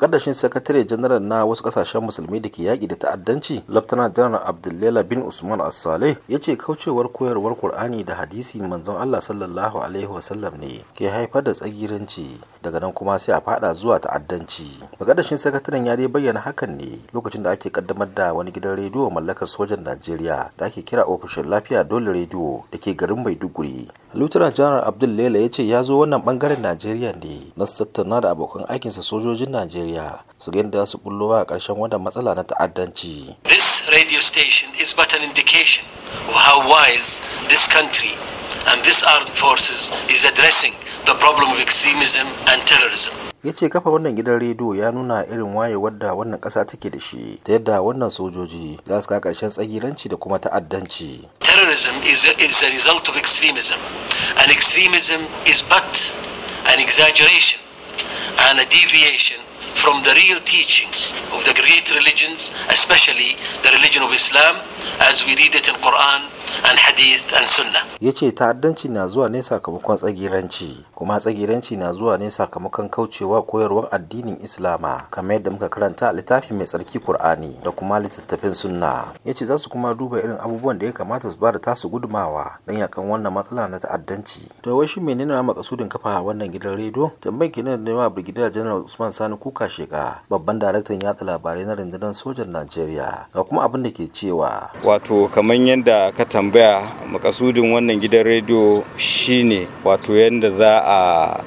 mukaddashin sakatare janaral na wasu kasashen musulmi da ke yaƙi da ta'addanci laftana janar abdullela bin usman as ya ce kaucewar koyarwar qur'ani da hadisi manzon allah sallallahu alaihi wasallam ne ke haifar da tsagiranci daga nan kuma sai a fada zuwa ta'addanci mukaddashin sakataren ya dai bayyana hakan ne lokacin da ake kaddamar da wani gidan rediyo mallakar sojan najeriya da ake kira ofishin lafiya dole rediyo da ke garin maiduguri Lieutenant General Abdul Lela ya ce ya zo wannan bangaren Najeriya ne na tattauna da abokan aikinsa sojojin Najeriya su gani da su bullo a ƙarshen wannan matsala na ta'addanci. This radio station is but an indication of how wise this country and this armed forces is addressing the problem of extremism and terrorism. ya ce kafa wannan gidan rediyo ya nuna irin wayewar da wannan ƙasa take da shi ta yadda wannan sojoji za su ga ƙarshen tsagiranci da kuma ta'addanci. terrorism is a, is a result of extremism. And extremism is but an exaggeration and a deviation from the real teachings of the great religions, especially the religion of Islam, as we read it in Quran an hadith an sunna ya ta'addanci na zuwa ne sakamakon tsagiranci kuma tsagiranci na zuwa ne sakamakon kaucewa koyarwar addinin islama kamar yadda muka karanta a littafi mai tsarki qur'ani da kuma littattafin sunna Yace ce za su kuma duba irin abubuwan da ya kamata su bada tasu gudumawa don yakan wannan matsala na ta'addanci to wai shi menene ma makasudin kafa wannan gidan rediyo tambayar kenan da ma brigadier general usman sani kuka sheka babban daraktan yatsa labarai na rundunar sojan najeriya ga kuma abin da ke cewa wato kamar yadda ka tambaya tambaya makasudin wannan gidan rediyo shine wato yadda za a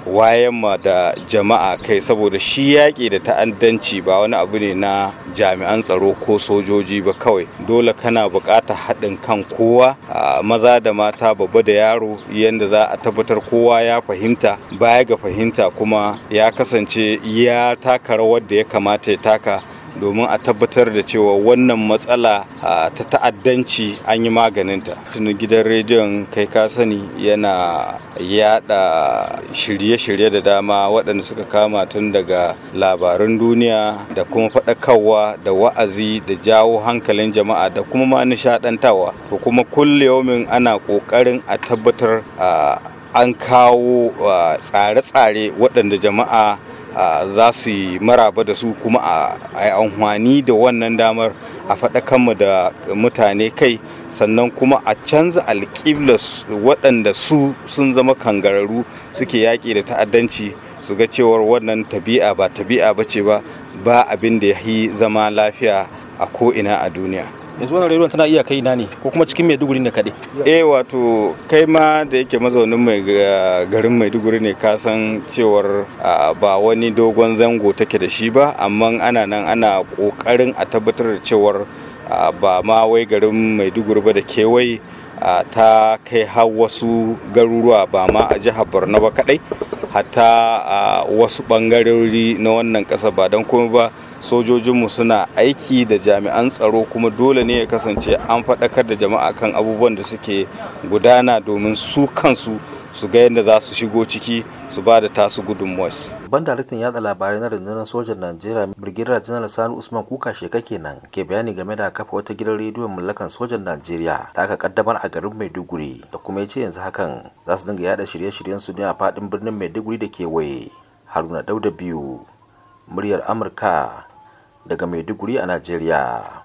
wayan ma da jama'a kai saboda shi yaƙi da ta'addanci ba wani abu ne na jami'an tsaro ko sojoji ba kawai dole kana buƙatar haɗin kan kowa a maza da mata babba da yaro yadda za a tabbatar kowa ya fahimta baya ga fahimta kuma ya kasance ya taka rawar da ya kamata ya taka domin a tabbatar da cewa wannan matsala ta ta'addanci an yi maganinta tuni gidan rediyon kai ka sani yana yada shirye-shirye da dama waɗanda suka kama tun daga labarun duniya da kuma faɗakarwa da wa'azi da jawo hankalin jama'a da kuma ma nishaɗantawa to kuma kulle yaumin ana ƙoƙarin a tabbatar an kawo tsare-tsare waɗanda jama'a za su yi maraba da su kuma a amfani da wannan damar a faɗa mu da mutane kai sannan kuma a canza alƙiblas waɗanda su sun zama kangararru suke yaƙi da ta'addanci su ga cewar wannan tabi'a ba tabi'a ba ce ba ba abin da ya yi zama lafiya a ko'ina a duniya. yanzu wannan rayuwar tana iya kai na ne ko kuma cikin maiduguri ne kaɗai eh wato kai ma da yake mazaunin mai eh, garin maiduguri ne ka san cewar ah, ba wani dogon zango take da shi ba amma ana nan ana ƙoƙarin a tabbatar da cewar ah, ba ma wai garin maiduguri ba da kewaye ah, ta kai har wasu garuruwa ba ma a jihar borno ba kaɗai hatta a wasu bangarori na wannan ƙasa ba don kuma ba sojojinmu suna aiki da jami'an tsaro kuma dole ne ya kasance an faɗakar da jama'a kan abubuwan da suke gudana domin su kansu su ga yadda za su shigo ciki su ba da tasu gudun mos. Ban darektan yada labarai na rundunar sojan Najeriya birgira janar Sani Usman Kuka Sheka kenan ke bayani game da kafa wata gidan rediyon mallakan sojan Najeriya da aka kaddamar a garin Maiduguri da kuma ya ce yanzu hakan za su dinga yada shirye-shiryen su ne a fadin birnin Maiduguri da ke kewaye. Haruna Dauda biyu muryar Amurka daga Maiduguri a Najeriya.